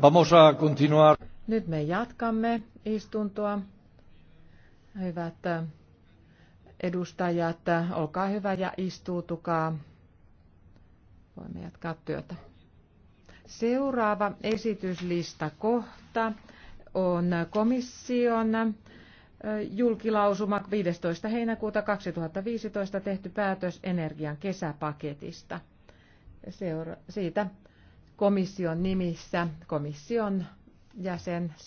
Vamos a continuar. Nyt me jatkamme istuntoa. Hyvät edustajat, olkaa hyvä ja istuutukaa. Voimme jatkaa työtä. Seuraava esityslista kohta on komission julkilausuma 15. heinäkuuta 2015 tehty päätös energian kesäpaketista. Seura- siitä komission nimissä komission jäsen se